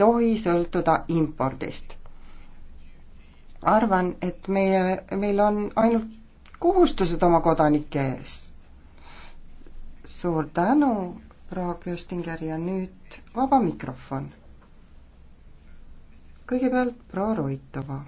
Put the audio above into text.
tohi sõltuda impordist. arvan, et meie, meil on ainult kohustused oma kodanike ees. suur tänu, proua Köstinger ja nüüd vaba mikrofon. kõigepealt proua Ruitova